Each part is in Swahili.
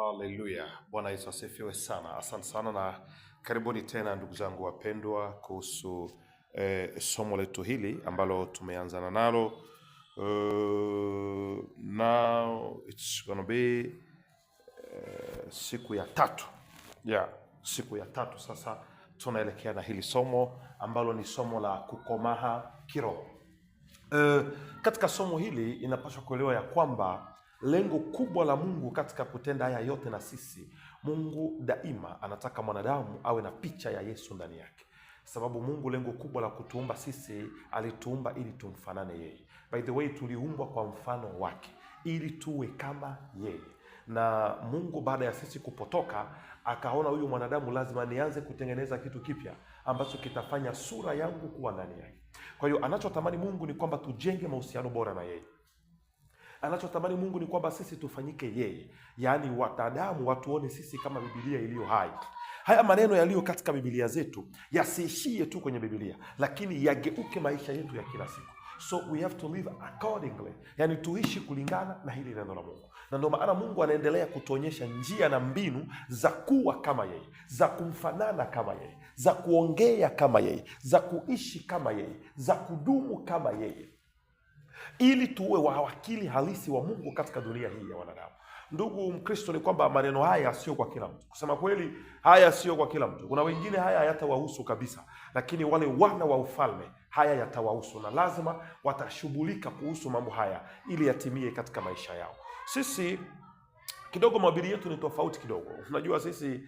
Haleluya, Bwana Yesu asifiwe sana. Asante sana na karibuni tena ndugu zangu wapendwa, kuhusu eh, somo letu hili ambalo tumeanzana nalo uh, now it's gonna be uh, siku ya tatu yeah, siku ya tatu sasa tunaelekea na hili somo ambalo ni somo la kukomaha kiroho. Uh, katika somo hili inapaswa kuelewa ya kwamba Lengo kubwa la Mungu katika kutenda haya yote na sisi, Mungu daima anataka mwanadamu awe na picha ya Yesu ndani yake, sababu Mungu lengo kubwa la kutuumba sisi, alituumba ili tumfanane yeye. By the way, tuliumbwa kwa mfano wake ili tuwe kama yeye na Mungu baada ya sisi kupotoka akaona huyu mwanadamu lazima nianze kutengeneza kitu kipya ambacho kitafanya sura yangu kuwa ndani yake. Kwa hiyo anachotamani Mungu ni kwamba tujenge mahusiano bora na yeye. Anachotamani Mungu ni kwamba sisi tufanyike yeye, yaani watadamu watuone sisi kama bibilia iliyo hai. Haya maneno yaliyo katika bibilia zetu yasiishie tu kwenye bibilia lakini yageuke maisha yetu ya kila siku. So we have to live accordingly, yani tuishi kulingana na hili neno la Mungu, na ndio maana Mungu anaendelea kutuonyesha njia na mbinu za kuwa kama yeye, za kumfanana kama yeye, za kuongea kama yeye, za kuishi kama yeye, za kudumu kama yeye ili tuwe wawakili halisi wa Mungu katika dunia hii ya wanadamu. Ndugu Mkristo, ni kwamba maneno haya sio kwa kila mtu. Kusema kweli, haya sio kwa kila mtu. Kuna wengine haya hayatawahusu kabisa, lakini wale wana wa ufalme haya yatawahusu, na lazima watashughulika kuhusu mambo haya ili yatimie katika maisha yao. Sisi kidogo mahubiri yetu ni tofauti kidogo. Unajua, sisi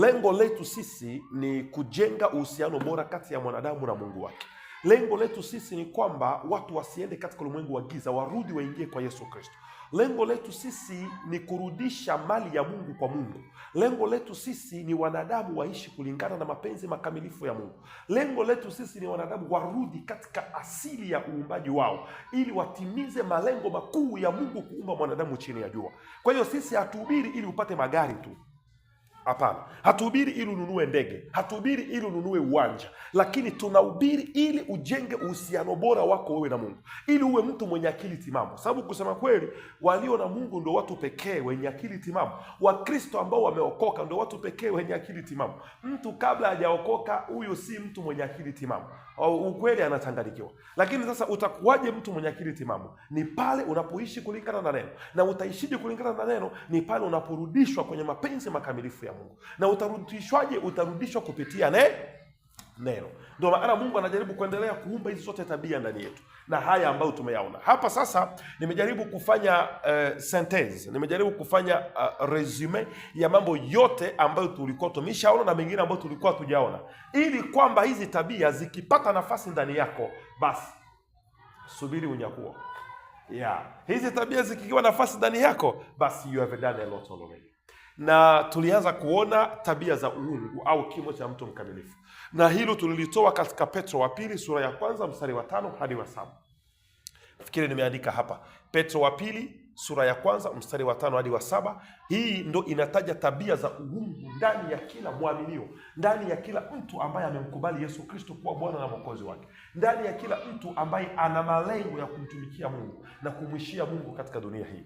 lengo letu sisi ni kujenga uhusiano bora kati ya mwanadamu na Mungu wake. Lengo letu sisi ni kwamba watu wasiende katika ulimwengu wa giza, warudi waingie kwa Yesu Kristo. Lengo letu sisi ni kurudisha mali ya Mungu kwa Mungu. Lengo letu sisi ni wanadamu waishi kulingana na mapenzi makamilifu ya Mungu. Lengo letu sisi ni wanadamu warudi katika asili ya uumbaji wao, ili watimize malengo makuu ya Mungu kuumba mwanadamu chini ya jua. Kwa hiyo sisi hatuhubiri ili upate magari tu. Hapana, hatuhubiri ili ununue ndege, hatuhubiri ili ununue uwanja, lakini tunahubiri ili ujenge uhusiano bora wako wewe na Mungu, ili uwe mtu mwenye akili timamu, sababu kusema kweli, walio na Mungu ndio watu pekee wenye akili timamu. Wakristo ambao wameokoka ndio watu pekee wenye akili timamu. Mtu kabla hajaokoka, huyo si mtu mwenye akili timamu, ukweli anachanganyikiwa. Lakini sasa utakuwaje mtu mwenye akili timamu? Ni pale unapoishi kulingana na neno. Na utaishije kulingana na neno? Ni pale unaporudishwa kwenye mapenzi makamilifu ya ya Mungu. Na utarudishwaje? Utarudishwa kupitia ne neno. Ndio maana Mungu anajaribu kuendelea kuumba hizi zote tabia ndani yetu na haya ambayo tumeyaona hapa. Sasa nimejaribu kufanya uh, eh, sentence, nimejaribu kufanya uh, resume ya mambo yote ambayo tulikuwa tumeshaona na mengine ambayo tulikuwa tujaona ili kwamba hizi tabia zikipata nafasi ndani yako, basi subiri unyakuo. Yeah, hizi tabia zikiwa nafasi ndani yako, basi you have done a lot already na tulianza kuona tabia za uungu au kimo cha mtu mkamilifu, na hilo tulilitoa katika Petro wa pili sura ya kwanza mstari wa tano hadi wa saba. Fikiri nimeandika hapa, Petro wa pili sura ya kwanza mstari wa tano hadi wa saba. Hii ndo inataja tabia za uungu ndani ya kila mwaminio, ndani ya kila mtu ambaye amemkubali Yesu Kristo kuwa Bwana na Mwokozi wake, ndani ya kila mtu ambaye ana malengo ya kumtumikia Mungu na kumwishia Mungu katika dunia hii.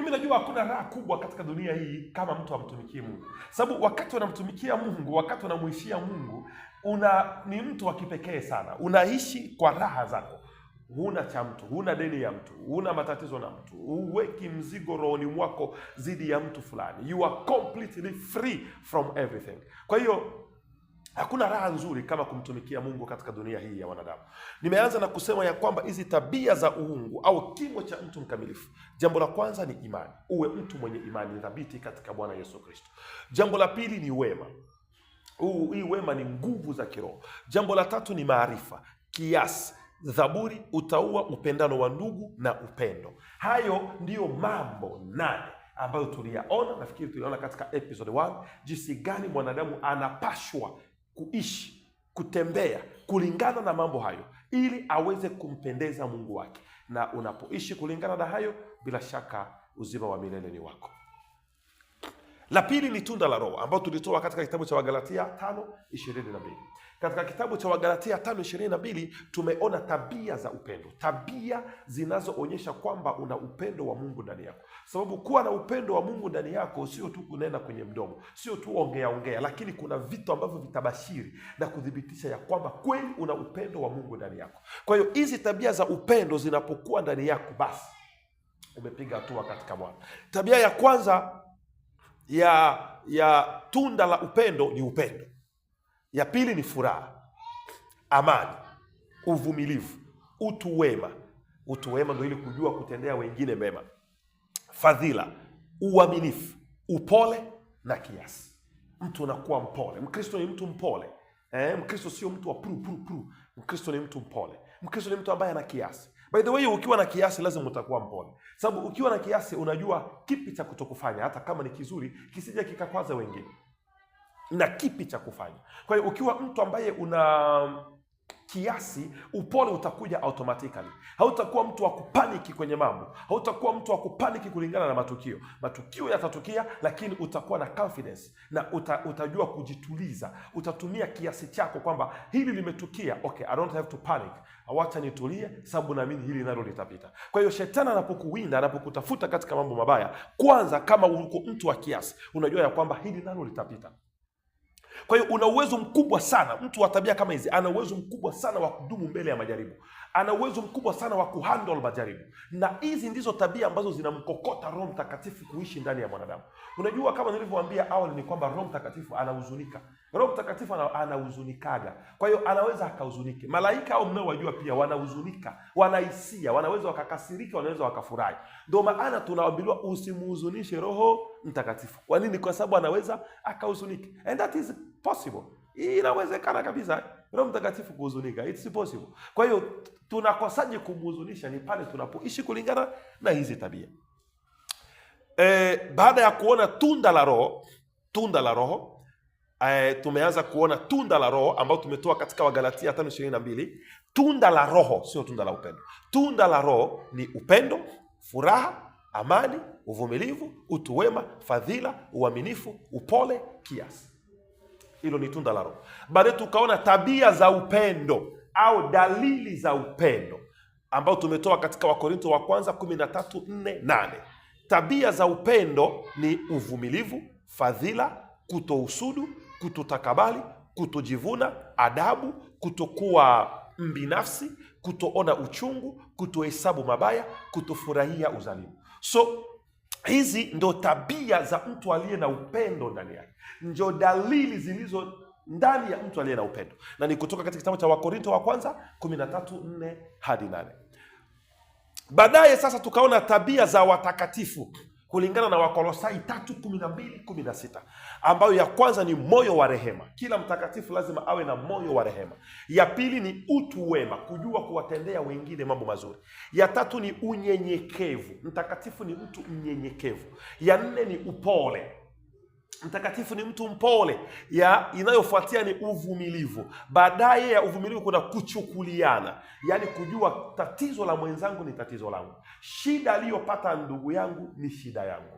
Mimi najua hakuna raha kubwa katika dunia hii kama mtu amtumikie Mungu, sababu wakati unamtumikia Mungu, wakati unamuishia Mungu, una ni mtu wa kipekee sana, unaishi kwa raha zako huna cha mtu, huna deni ya mtu, huna matatizo na mtu, huweki mzigo rohoni mwako zidi ya mtu fulani. You are completely free from everything. Kwa hiyo Hakuna raha nzuri kama kumtumikia Mungu katika dunia hii ya wanadamu. Nimeanza na kusema ya kwamba hizi tabia za uungu au kimo cha mtu mkamilifu, jambo la kwanza ni imani. Uwe mtu mwenye imani thabiti katika Bwana Yesu Kristo. Jambo la pili ni wema. hii wema ni nguvu za kiroho. Jambo la tatu ni maarifa, kiasi, zaburi, utaua, upendano wa ndugu na upendo. Hayo ndiyo mambo nane ambayo tuliyaona, nafikiri tuliona katika episode 1 jinsi gani mwanadamu anapashwa kuishi, kutembea kulingana na mambo hayo, ili aweze kumpendeza Mungu wake. Na unapoishi kulingana na hayo, bila shaka uzima wa milele ni wako. La pili ni tunda la Roho ambao tulitoa katika kitabu cha Wagalatia tano mbili. Katika kitabu cha Wagalatia tano mbili tumeona tabia za upendo, tabia zinazoonyesha kwamba una upendo wa Mungu ndani yako, sababu kuwa na upendo wa Mungu ndani yako sio tu kunena kwenye mdomo, sio tu ongea ongea, lakini kuna vitu ambavyo vitabashiri na kuthibitisha ya kwamba kweli una upendo wa Mungu ndani yako. Kwa hiyo hizi tabia za upendo zinapokuwa ndani yako, basi umepiga hatua katika Bwana. Tabia ya kwanza ya ya tunda la upendo ni upendo, ya pili ni furaha, amani, uvumilivu, utu wema. Utu wema ndio ili kujua kutendea wengine mema, fadhila, uaminifu, upole na kiasi. Mtu anakuwa mpole. Mkristo ni mtu mpole eh? Mkristo sio mtu wa pru pru pru. Mkristo ni mtu mpole. Mkristo ni mtu ambaye ana kiasi. By the way, ukiwa na kiasi lazima utakuwa mpole sababu ukiwa na kiasi unajua kipi cha kutokufanya, hata kama ni kizuri, kisija kikakwaza wengine, na kipi cha kufanya. Kwa hiyo ukiwa mtu ambaye una kiasi, upole utakuja automatically. Hautakuwa mtu wa kupaniki kwenye mambo, hautakuwa mtu wa kupaniki kulingana na matukio. Matukio yatatukia, lakini utakuwa na confidence na uta, utajua kujituliza. Utatumia kiasi chako kwamba hili limetukia, okay, I don't have to panic, wacha nitulie, sababu naamini hili nalo litapita. Kwa hiyo shetani anapokuwinda, anapokutafuta katika mambo mabaya, kwanza, kama uko mtu wa kiasi, unajua ya kwamba hili nalo litapita. Kwa hiyo una uwezo mkubwa sana, mtu wa tabia kama hizi ana uwezo mkubwa sana wa kudumu mbele ya majaribu, ana uwezo mkubwa sana wa kuhandle majaribu, na hizi ndizo tabia ambazo zinamkokota Roho Mtakatifu kuishi ndani ya mwanadamu. Unajua, kama nilivyoambia awali, ni kwamba Roho Mtakatifu anahuzunika. Roho Mtakatifu anahuzunikaga, kwa hiyo anaweza akahuzunike. Malaika au mnaowajua pia wanahuzunika, wanahisia, wanaweza wakakasirika, wanaweza wakafurahi. Ndio maana tunaambiwa usimhuzunishe Roho Mtakatifu. Kwa nini? Kwa sababu anaweza akahuzunike and that is possible. Inawezekana kabisa Roho Mtakatifu kuhuzunika, it's possible. Kwa hiyo tunakosaje kumhuzunisha? Ni pale tunapoishi kulingana na hizi tabia. E, baada ya kuona tunda la Roho, tunda la Roho e, tumeanza kuona tunda la Roho ambayo tumetoa katika Wagalatia tano ishirini na mbili. Tunda la Roho sio tunda la upendo. Tunda la Roho ni upendo, furaha, amani, uvumilivu, utu wema, fadhila, uaminifu, upole, kiasi hilo ni tunda la Roho. Baadaye tukaona tabia za upendo au dalili za upendo ambao tumetoa katika wakorinto wa kwanza kumi na Tabia za upendo ni uvumilivu, fadhila, kutousudu, kutotakabali, kutojivuna, adabu, kutokuwa mbinafsi, kutoona uchungu, kutohesabu mabaya, kutofurahia uzalimu. So Hizi ndo tabia za mtu aliye na upendo ndani yake, njo dalili zilizo ndani ya mtu aliye na upendo, na ni kutoka katika kitabu cha Wakorinto wa kwanza 13:4 hadi 8. Baadaye sasa tukaona tabia za watakatifu kulingana na Wakolosai tatu kumi na mbili kumi na sita ambayo ya kwanza ni moyo wa rehema. Kila mtakatifu lazima awe na moyo wa rehema. Ya pili ni utu wema, kujua kuwatendea wengine mambo mazuri. Ya tatu ni unyenyekevu, mtakatifu ni mtu mnyenyekevu. Ya nne ni upole Mtakatifu ni mtu mpole, ya inayofuatia ni uvumilivu. Baadaye ya uvumilivu kuna kuchukuliana, yaani kujua tatizo la mwenzangu ni tatizo langu, shida aliyopata ndugu yangu ni shida yangu.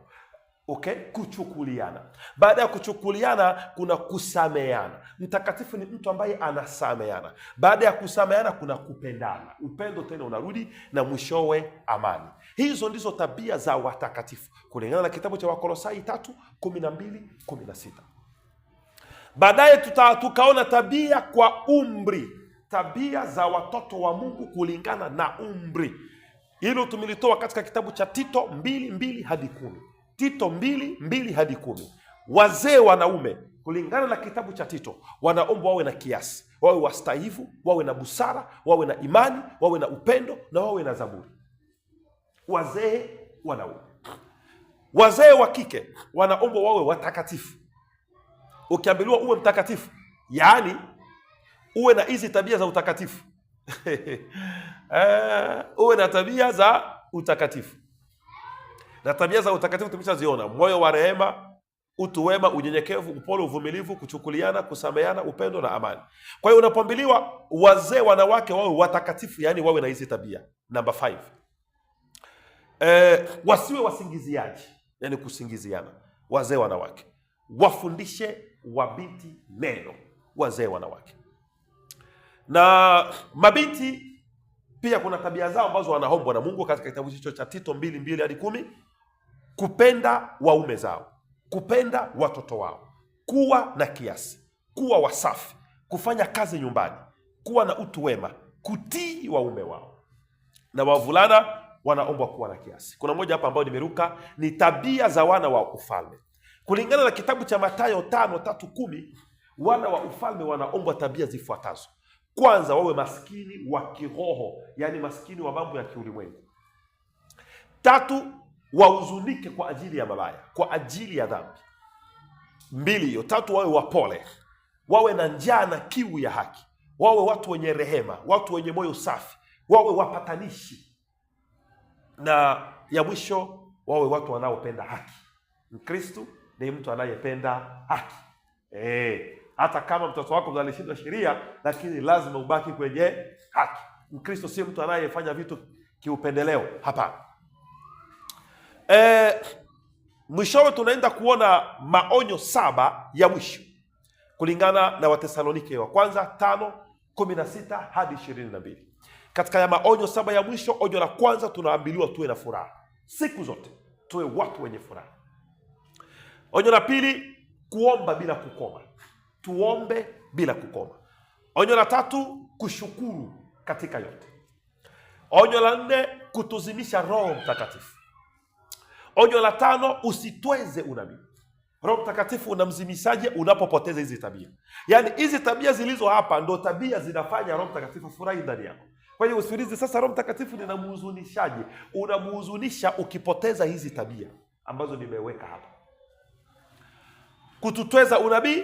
Okay, kuchukuliana. Baada ya kuchukuliana kuna kusameana. Mtakatifu ni mtu ambaye anasameana. Baada ya kusameana kuna kupendana, upendo tena unarudi na mwishowe amani. Hizo ndizo tabia za watakatifu kulingana na kitabu cha Wakolosai tatu kumi na mbili kumi na sita. Baadaye tukaona tabia kwa umri, tabia za watoto wa Mungu kulingana na umri. Hilo tumelitoa katika kitabu cha Tito mbili mbili hadi kumi Tito mbili mbili hadi kumi Wazee wanaume kulingana na kitabu cha Tito wanaombwa wawe na kiasi, wawe wastahivu, wawe na busara, wawe na imani, wawe na upendo na wawe na zaburi. Wazee wanaume, wazee wa kike wanaombwa wawe watakatifu. Ukiambiliwa uwe mtakatifu, yaani uwe na hizi tabia za utakatifu eh, uwe na tabia za utakatifu, na tabia za utakatifu tumeshaziona: moyo wa rehema utu wema, unyenyekevu, upole, uvumilivu, kuchukuliana, kusameana, upendo na amani. Kwa hiyo unapoambiliwa wazee, wanawake wawe watakatifu, yaani wawe na hizi tabia. Namba 5, eh, wasiwe wasingiziaji, yaani kusingiziana. Wazee wanawake wafundishe wabinti neno, wazee wanawake na mabinti pia kuna tabia zao ambazo wanaombwa na Mungu katika kitabu hicho cha Tito mbili mbili hadi kumi kupenda waume zao kupenda watoto wao, kuwa na kiasi, kuwa wasafi, kufanya kazi nyumbani, kuwa na utu wema, kutii waume wao. Na wavulana wanaombwa kuwa na kiasi. Kuna moja hapa ambayo nimeruka, ni tabia za wana wa ufalme. Kulingana na kitabu cha matayo tano tatu kumi, wana wa ufalme wanaombwa tabia zifuatazo. Kwanza, wawe maskini wa kiroho, yaani maskini wa mambo ya kiulimwengu. Tatu, wahuzunike kwa ajili ya mabaya, kwa ajili ya dhambi. Mbili hiyo. Tatu, wawe wapole, wawe na njaa na kiu ya haki, wawe watu wenye rehema, watu wenye moyo safi, wawe wapatanishi, na ya mwisho wawe watu wanaopenda haki. Mkristu ni mtu anayependa haki e, hata kama mtoto wako alishindwa sheria, lakini lazima ubaki kwenye haki. Mkristo si mtu anayefanya vitu kiupendeleo, hapana e, mwishowe tunaenda kuona maonyo saba ya mwisho kulingana na Watesalonike wa kwanza tano kumi na sita hadi ishirini na mbili. Katika ya maonyo saba ya mwisho, onyo la kwanza tunaambiliwa tuwe na furaha siku zote, tuwe watu wenye furaha. Onyo la pili, kuomba bila kukoma, tuombe bila kukoma. Onyo la tatu, kushukuru katika yote. Onyo la nne, kutuzimisha Roho Mtakatifu. Onyo la tano, usitweze unabii. Roho Mtakatifu unamzimisaje? Unapopoteza hizi tabia, yaani hizi tabia zilizo hapa ndo tabia zinafanya Roho Mtakatifu furahi ndani yako. Kwa hiyo usiulize sasa Roho Mtakatifu ninamhuzunishaje. unamhuzunisha ukipoteza hizi tabia ambazo nimeweka hapa: kututweza unabii,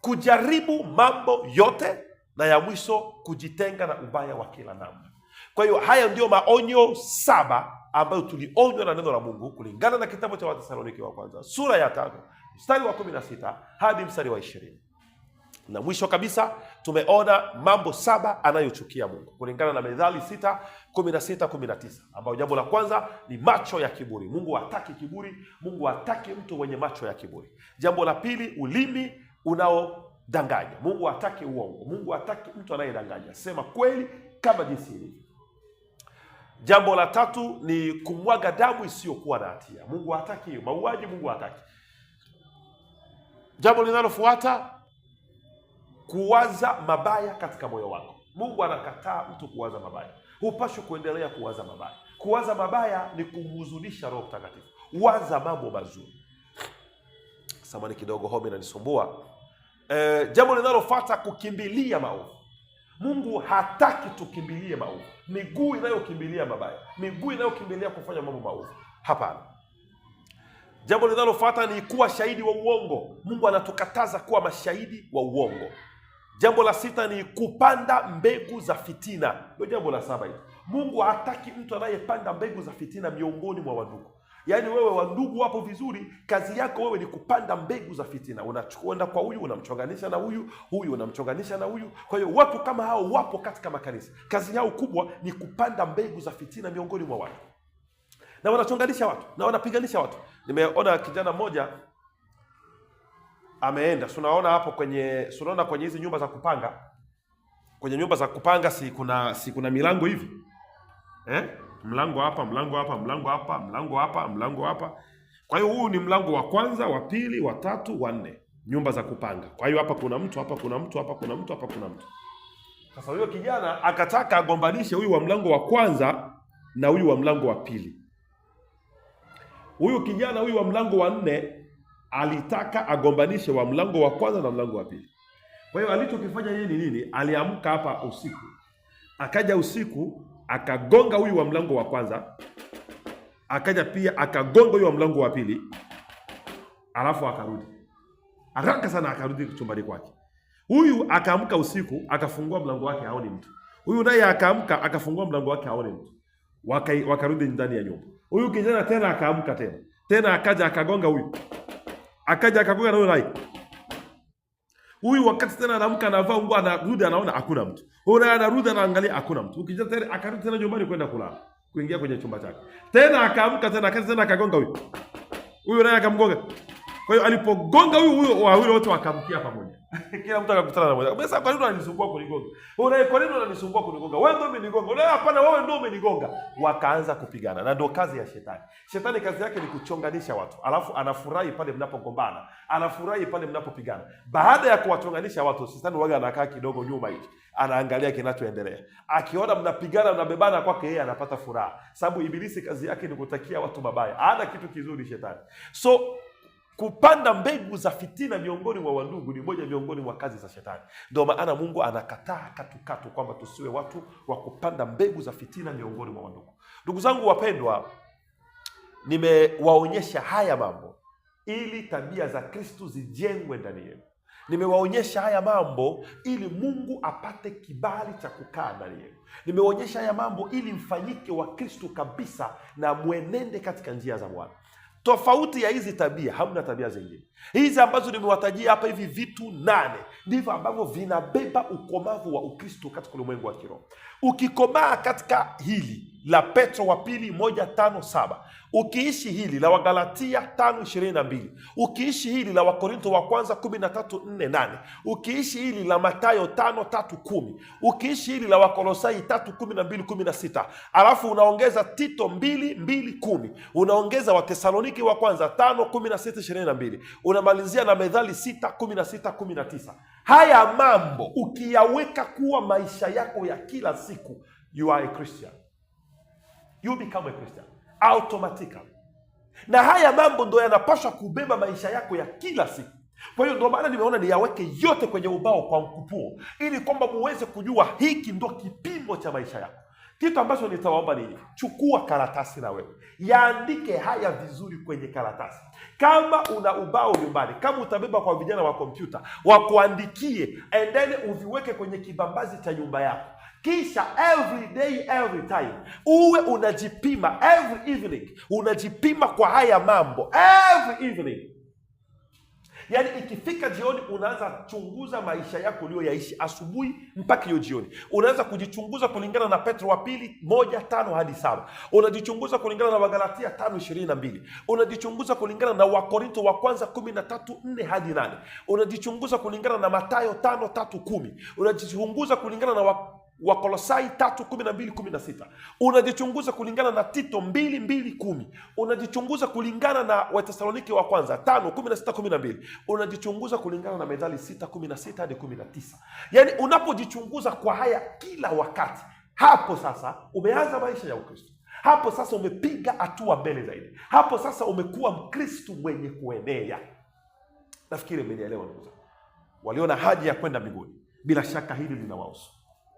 kujaribu mambo yote, na ya mwisho kujitenga na ubaya wa kila namna. Kwa hiyo haya ndiyo maonyo saba ambayo tulionywa na neno la Mungu kulingana na kitabu cha wathesaloniki wa kwanza sura ya tano mstari wa kumi na sita hadi mstari wa ishirini na mwisho kabisa tumeona mambo saba anayochukia Mungu kulingana na medhali sita kumi na sita kumi na tisa ambayo jambo la kwanza ni macho ya kiburi. Mungu hataki kiburi, Mungu hataki mtu wenye macho ya kiburi. Jambo la pili, ulimi unaodanganya. Mungu hataki uongo, Mungu hataki mtu anayedanganya. Sema kweli kama jinsi ilivyo. Jambo la tatu ni kumwaga damu isiyokuwa na hatia. Mungu hataki hiyo mauaji, Mungu hataki. Jambo linalofuata kuwaza mabaya katika moyo wako. Mungu anakataa mtu kuwaza mabaya, hupashwi kuendelea kuwaza mabaya. Kuwaza mabaya ni kumhuzunisha Roho Mtakatifu. Waza mambo mazuri. Samani kidogo, homa nanisumbua E, eh, jambo linalofuata kukimbilia maovu Mungu hataki tukimbilie maovu, miguu inayokimbilia mabaya, miguu inayokimbilia kufanya mambo maovu. Hapana. Jambo linalofata ni kuwa shahidi wa uongo. Mungu anatukataza kuwa mashahidi wa uongo. Jambo la sita ni kupanda mbegu za fitina. Ndio jambo la saba hili. Mungu hataki mtu anayepanda mbegu za fitina miongoni mwa wandugu. Yaani wewe wandugu wapo vizuri, kazi yako wewe ni kupanda mbegu za fitina. Unakwenda kwa huyu unamchonganisha na huyu, huyu unamchonganisha na huyu. Kwa hiyo watu kama hao wapo katika makanisa, kazi yao kubwa ni kupanda mbegu za fitina miongoni mwa watu, na wanachonganisha watu na wanapiganisha watu. Nimeona kijana mmoja ameenda, sunaona hapo kwenye, sunaona kwenye hizi nyumba za kupanga, kwenye nyumba za kupanga si kuna, si kuna milango hivi eh? mlango hapa, mlango hapa, mlango hapa, mlango hapa, mlango hapa. Kwa hiyo huu ni mlango wa kwanza, wa pili, wa tatu, wa nne, nyumba za kupanga. Kwa hiyo hapa kuna mtu, hapa kuna mtu, hapa kuna mtu, hapa kuna mtu. Sasa huyo kijana akataka agombanishe huyu wa mlango wa kwanza na huyu wa mlango wa pili. Huyu kijana huyu wa mlango wa nne alitaka agombanishe wa mlango wa kwanza na mlango wa pili. Kwa hiyo alichokifanya yeye ni nini? Aliamka hapa usiku, akaja usiku akagonga huyu wa mlango wa kwanza, akaja pia akagonga huyu wa mlango wa pili, alafu akarudi haraka sana, akarudi chumbani kwake. Huyu akaamka usiku, akafungua mlango wake, haoni mtu. Huyu naye akaamka, akafungua mlango wake, haoni mtu. Waka, wakarudi ndani ya nyumba. Huyu kijana tena akaamka tena tena, akaja akagonga huyu, akaja akagonga na huyu naye Huyu wakati tena anaamka anavaa nguo anarudi anaona hakuna mtu. Huyo anarudi anaangalia hakuna mtu. Ukija tena akarudi tena nyumbani kwenda kulala. Kuingia kwenye chumba chake. Tena akaamka tena akati tena akagonga huyu. Huyu naye akamgonga. Kwa hiyo alipogonga huyu huyo wawili wote wakamkia pamoja. Kila mtu akakutana na mmoja. Sasa kwa nini unanisumbua kunigonga? Wewe kwa nini unanisumbua kunigonga? Wewe ndio umenigonga. Wewe hapana, wewe ndio umenigonga. Wakaanza kupigana. Na ndio kazi ya shetani. Shetani kazi yake ni kuchonganisha watu. Alafu anafurahi pale mnapogombana. Anafurahi pale mnapopigana. Baada ya kuwachonganisha watu, shetani waga anakaa kidogo nyuma hivi. Anaangalia kinachoendelea. Akiona mnapigana mnabebana kwake yeye anapata furaha. Sababu ibilisi kazi yake ni kutakia watu mabaya. Hana kitu kizuri shetani. So Kupanda mbegu za fitina miongoni mwa wandugu ni moja miongoni mwa kazi za shetani. Ndio maana Mungu anakataa katukatu kwamba tusiwe watu wa kupanda mbegu za fitina miongoni mwa wandugu. Ndugu zangu wapendwa, nimewaonyesha haya mambo ili tabia za Kristu zijengwe ndani yenu. Nimewaonyesha haya mambo ili Mungu apate kibali cha kukaa ndani yenu. Nimewaonyesha haya mambo ili mfanyike wa Kristu kabisa na mwenende katika njia za Bwana. Tofauti ya hizi tabia, hamna tabia zingine hizi ambazo nimewatajia hapa. Hivi vitu nane ndivyo ambavyo vinabeba ukomavu wa Ukristo katika ulimwengu wa kiroho. Ukikomaa katika hili la Petro wa pili moja tano saba ukiishi hili la Wagalatia tano ishirini na mbili ukiishi hili la Wakorinto wa kwanza kumi na tatu nne nane ukiishi hili la Matayo tano tatu kumi ukiishi hili la Wakolosai tatu kumi na mbili kumi na sita alafu unaongeza Tito mbili mbili kumi unaongeza Watesaloniki wa kwanza tano kumi na sita ishirini na mbili unamalizia na Methali sita kumi na sita kumi na tisa Haya mambo ukiyaweka kuwa maisha yako ya kila siku, you are a Christian you become a Christian automatically. Na haya mambo ndo yanapaswa kubeba maisha yako ya kila siku. Kwa hiyo ndo maana nimeona niyaweke yote kwenye ubao kwa mkupuo, ili kwamba muweze kujua hiki ndo kipimo cha maisha yako. Kitu ambacho nitawaomba nini chukua karatasi na wewe, yaandike haya vizuri kwenye karatasi. Kama una ubao nyumbani, kama utabeba kwa vijana wa kompyuta wakuandikie, endele uviweke kwenye kibambazi cha nyumba yako, kisha every day every time uwe unajipima, every evening unajipima kwa haya mambo every evening Yaani ikifika jioni, unaanza chunguza maisha yako uliyoyaishi asubuhi mpaka hiyo jioni. Unaanza kujichunguza kulingana na Petro wa pili moja tano hadi saba unajichunguza kulingana na Wagalatia tano ishirini na mbili unajichunguza kulingana na Wakorinto wa kwanza kumi na tatu nne hadi nane unajichunguza kulingana na Matayo tano tatu kumi unajichunguza kulingana na Wakolosai tatu kumi na mbili kumi na sita unajichunguza kulingana na Tito mbili mbili kumi unajichunguza kulingana na Watesaloniki wa kwanza tano kumi na sita kumi na mbili unajichunguza kulingana na Methali sita kumi na sita hadi kumi na tisa Yaani unapojichunguza kwa haya kila wakati, hapo sasa umeanza maisha ya Ukristo. Hapo sasa umepiga hatua mbele zaidi. Hapo sasa umekuwa mkristu mwenye kuenea. Nafikiri mmenielewa ndugu zangu, walio na haja ya kwenda mbinguni, bila shaka hili linawahusu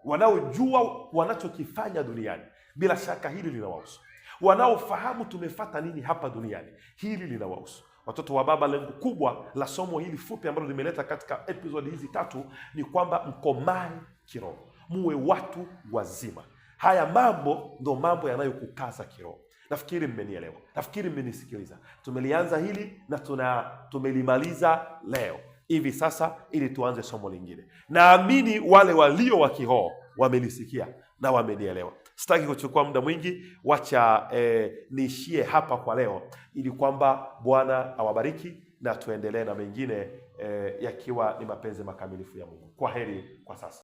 wanaojua wanachokifanya duniani, bila shaka hili linawahusu. Wanaofahamu tumefata nini hapa duniani, hili linawahusu watoto wa Baba. Lengo kubwa la somo hili fupi ambalo limeleta katika episodi hizi tatu ni kwamba mkomae kiroho, muwe watu wazima. Haya mambo ndo mambo yanayokukaza kiroho. Nafikiri mmenielewa, nafikiri mmenisikiliza. Tumelianza hili na tuna tumelimaliza leo hivi sasa, ili tuanze somo lingine. Naamini wale walio wa kihoo wamelisikia na wamenielewa. Sitaki kuchukua muda mwingi, wacha eh, niishie hapa kwa leo, ili kwamba Bwana awabariki na tuendelee na mengine eh, yakiwa ni mapenzi makamilifu ya Mungu. Kwa heri kwa sasa.